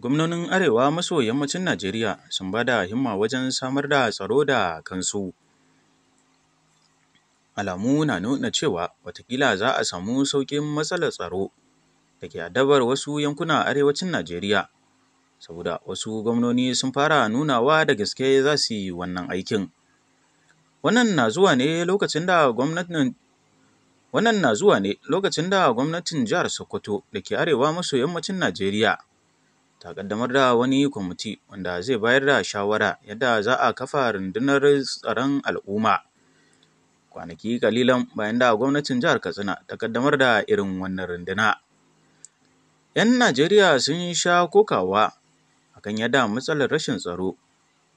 Gwamnonin arewa maso yammacin Najeriya sun ba da himma wajen samar da tsaro da kansu. Alamu na nuna cewa wataƙila za a samu sauƙin matsalar tsaro da ke addabar wasu yankuna a arewacin Najeriya, saboda wasu gwamnoni sun fara nunawa da gaske za su yi wannan aikin. Wannan na zuwa ne lokacin da gwamnatin Wannan na zuwa ne lokacin da gwamnatin jihar Sokoto da ke arewa maso yammacin Najeriya ta ƙaddamar da wani kwamiti wanda zai bayar da shawara yadda za a kafa rundunar tsaron al'umma. Kwanaki ƙalilan bayan da gwamnatin jihar Katsina ta ƙaddamar da irin wannan runduna. ‘Yan Najeriya sun sha kokawa a kan yadda matsalar rashin tsaro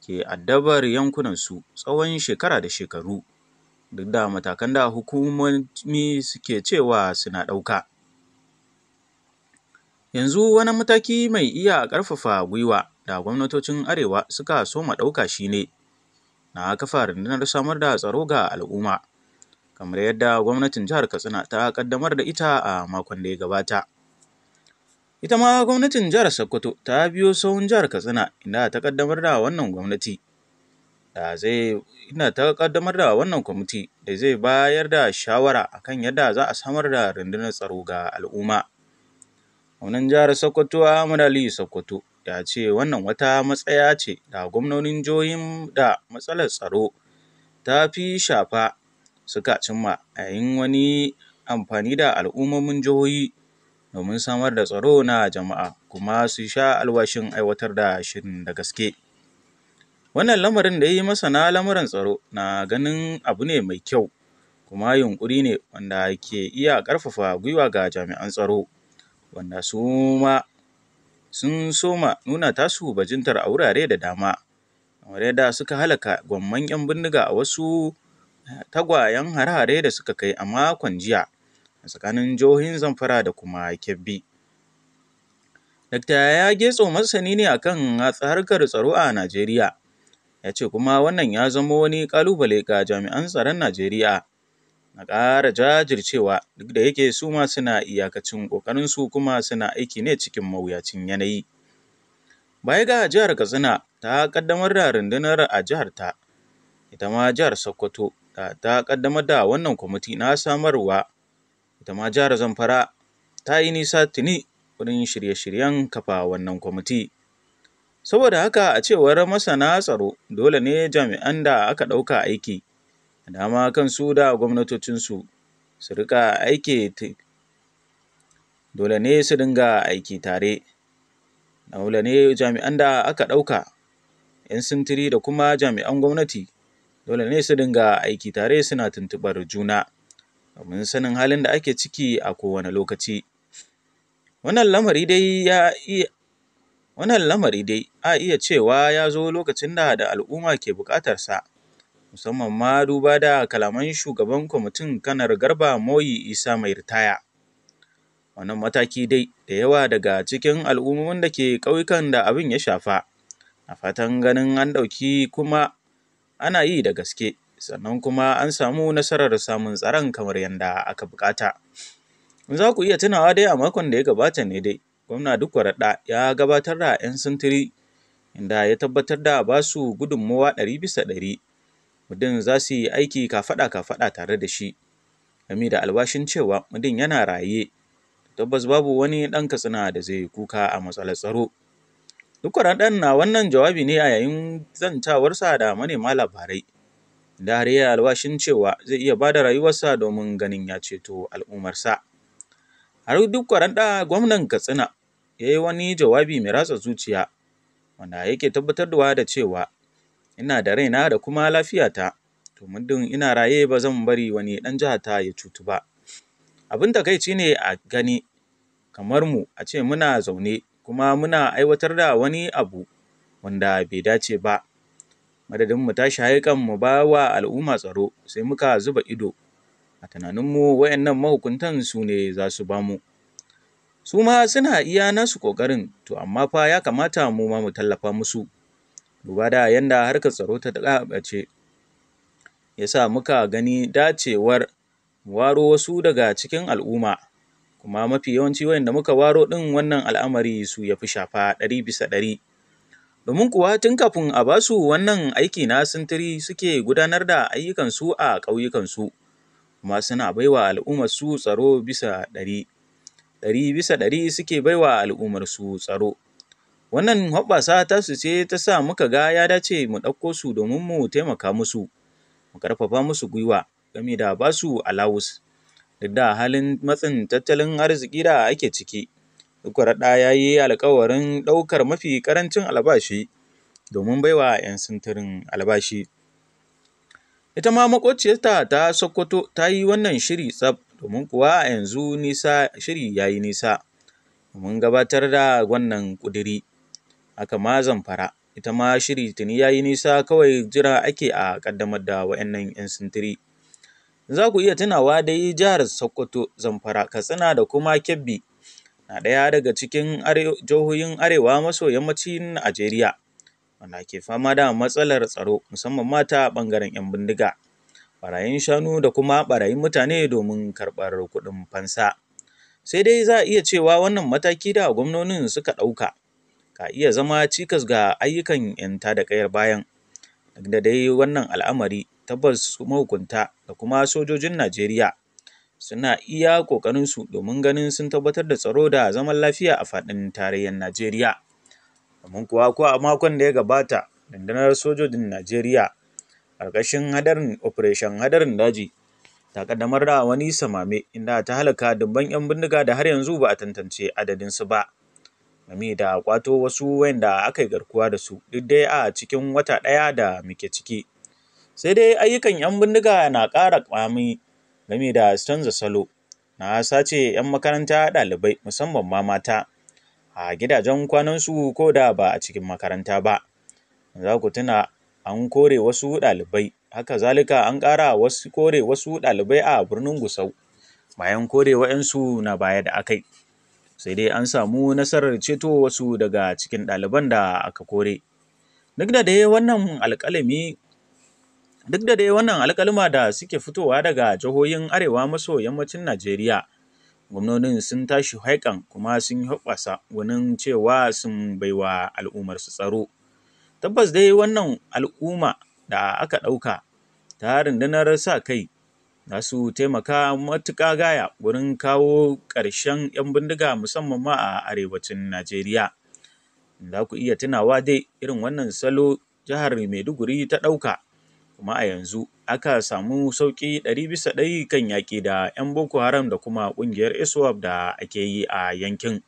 ke addabar yankunansu tsawon shekara da shekaru. duk da matakan da hukumomi suke cewa suna ɗauka. Yanzu wani mataki mai iya ƙarfafa gwiwa da gwamnatocin Arewa suka soma ɗauka shi ne na kafa rundunar samar da tsaro ga al'umma, kamar yadda gwamnatin jihar Katsina ta ƙaddamar da ita a makon da ya gabata. Ita ma gwamnatin jihar Sokoto ta biyo sahun jihar Katsina inda ta ƙaddamar da wannan gwamnati. da zai ina ta ƙaddamar da wannan kwamiti da zai bayar da shawara a kan yadda za a samar da rundunar tsaro ga al'umma. Wannan jihar Sokoto Ahmad Ali Sokoto ya ce wannan wata matsaya ce da gwamnonin jihohin da matsalar tsaro ta fi shafa suka cimma a yayin wani amfani da al'ummomin jihohi domin samar da tsaro na jama'a kuma su sha alwashin aiwatar da shirin da gaske. Wannan lamarin da ya yi masa na lamuran tsaro na ganin abu ne mai kyau kuma yunƙuri ne wanda ke iya ƙarfafa gwiwa ga jami'an tsaro wanda su ma sun soma nuna tasu bajintar a wurare da dama kamar yadda suka halaka gwamman 'yan bindiga a wasu tagwayen hare-hare da suka kai a makon jiya a tsakanin jihohin Zamfara da kuma Kebbi. Dakta ya Getso masani ne akan harkar tsaro a Najeriya ya ce kuma wannan ya zama wani ƙalubale ga jami'an tsaron Najeriya. Na ƙara jajircewa duk da yake su ma suna iyakacin ƙoƙarinsu kuma suna aiki ne cikin mawuyacin yanayi. Baya ga jihar Katsina ta ƙaddamar da rundunar a jihar ta, ita ma jihar Sokoto ta ƙaddamar da wannan kwamiti na samarwa, ita ma jihar Zamfara ta yi nisa tuni wurin shirye-shiryen kafa wannan kwamiti. Saboda haka a cewar masana tsaro dole ne jami'an da aka ɗauka aiki dama kansu da gwamnatocinsu su rika aiki dole ne su dinga aiki tare. Dole ne jami'an da aka ɗauka 'yan sintiri da kuma jami'an gwamnati dole ne su dinga aiki tare suna tuntuɓar juna domin sanin halin da ake ciki a kowane lokaci. Wannan lamari dai ya iya Wannan lamari dai a iya cewa ya zo lokacin da da al'umma ke sa, musamman ma duba da kalaman shugaban kwamitin Kanar Garba Moyi Isa mai ritaya. Wannan mataki dai da yawa daga cikin al'ummomin da ke ƙauyukan da abin ya shafa, a fatan ganin an ɗauki kuma ana yi da gaske, sannan kuma an samu nasarar samun tsaron kamar yadda aka buƙata. Za ku iya tunawa dai a makon da ya gabata ne dai. Gwamna duk raɗa ya gabatar da ‘yan sintiri inda ya tabbatar da ba su gudunmawa ɗari bisa ɗari, mudin za su yi aiki kafaɗa-kafaɗa tare da shi, gami da albashin cewa mudin yana raye, tabbas babu wani ɗan Katsina da zai kuka a matsalar tsaro. Duk Dukwaraddan na wannan jawabi ne a yayin zantawarsa da manema labarai, da har ya albashin cewa zai iya ba da rayuwarsa domin ganin ya ceto al'ummarsa. Har duk Dukwaradda gwamnan Katsina ya yi wani jawabi mai ratsa zuciya wanda yake tabbatarwa da cewa ina da raina da kuma lafiyata to muddin ina raye ba zan bari wani ɗan ta ya cutu ba. Abin takaici ne a gani kamar mu a ce muna zaune kuma muna aiwatar da wani abu wanda bai dace ba. Madadin mu tashi haikan mu ba wa al'umma tsaro sai muka zuba ido a tunaninmu wayannan mahukuntan su ne za su ba mu. su ma suna iya nasu ƙoƙarin to amma fa ya kamata mu ma mu tallafa musu duba da yanda harkar tsaro ta lalace ya sa muka gani dacewar waro wasu daga cikin al'umma kuma mafi yawanci wayanda muka waro ɗin wannan al'amari su ya fi shafa ɗari bisa ɗari domin kuwa tun kafin a basu wannan aiki na sintiri suke gudanar da ayyukansu a ƙauyukansu kuma suna baiwa al'ummar su tsaro bisa ɗari ɗari bisa ɗari suke baiwa al'ummarsu tsaro. Wannan hoɓɓasa tasu ce ta sa muka ga ya dace mu ɗauko su domin mu taimaka musu, mu ƙarfafa musu gwiwa game da ba su alawus. Duk da halin matsin tattalin arziki da ake ciki, Ikwarɗa ya yi alkawarin ɗaukar mafi ƙarancin albashi domin baiwa 'yan sintirin albashi. Ita ma maƙociyarta ta Sokoto ta yi wannan shiri tsaf domin kuwa a yanzu nisa shiri ya yi nisa Mun gabatar da wannan ƙudiri. Haka ma Zamfara ita ma shiri tuni ya yi nisa kawai jira ake a ƙaddamar da wa'annan 'yan sintiri. Za ku iya tunawa dai jihar Sokoto, Zamfara, Katsina da kuma Kebbi na ɗaya daga cikin jihohin arewa maso yammacin Najeriya wanda ke fama da matsalar tsaro musamman mata ta ɓangaren 'yan bindiga. ɓarayin shanu da kuma ɓarayin mutane domin karɓar kuɗin fansa. Sai dai za a iya cewa wannan mataki da gwamnonin suka ɗauka ka iya zama cikas ga ayyukan 'yan da ƙayar bayan. Da dai wannan al'amari tabbas mahukunta da kuma sojojin Najeriya suna iya ƙoƙarinsu domin ganin sun tabbatar da tsaro da zaman lafiya a faɗin tarayyar Najeriya. Domin kuwa ko a makon da ya gabata rundunar sojojin Najeriya ƙarƙashin hadarin operation hadarin daji ta ƙaddamar da wani samame inda ta halaka dubban 'yan bindiga da har yanzu ba a tantance su ba game da kwato wasu wayanda aka yi garkuwa da su duk dai a cikin wata ɗaya da muke ciki sai dai ayyukan 'yan bindiga na ƙara ƙwami game da canza salo na sace 'yan makaranta ɗalibai musamman ma mata a gidajen kwanan su ko da ba a cikin makaranta ba za ku tuna an kore wasu ɗalibai haka zalika an ƙara wasu kore wasu ɗalibai a birnin gusau bayan kore wa'yansu na baya da akai sai dai an samu nasarar ceto wasu daga cikin ɗaliban da aka kore duk da dai wannan alƙalami duk da dai wannan da suke fitowa daga jihohin arewa maso yammacin najeriya gwamnonin sun tashi haikan kuma sun yi hoɓɓasa gunin cewa sun baiwa al'ummarsu tsaro Tabbas dai wannan al'umma da aka ɗauka ta rundunar sa kai za su taimaka matuƙa gaya wurin kawo ƙarshen 'yan bindiga musamman ma a arewacin Najeriya. Za ku iya tunawa dai irin wannan salo jihar Maiduguri ta ɗauka kuma a yanzu aka samu sauƙi ɗari bisa ɗari kan yaƙi da 'yan Boko Haram da kuma ƙungiyar ISWAP da ake yi a yankin.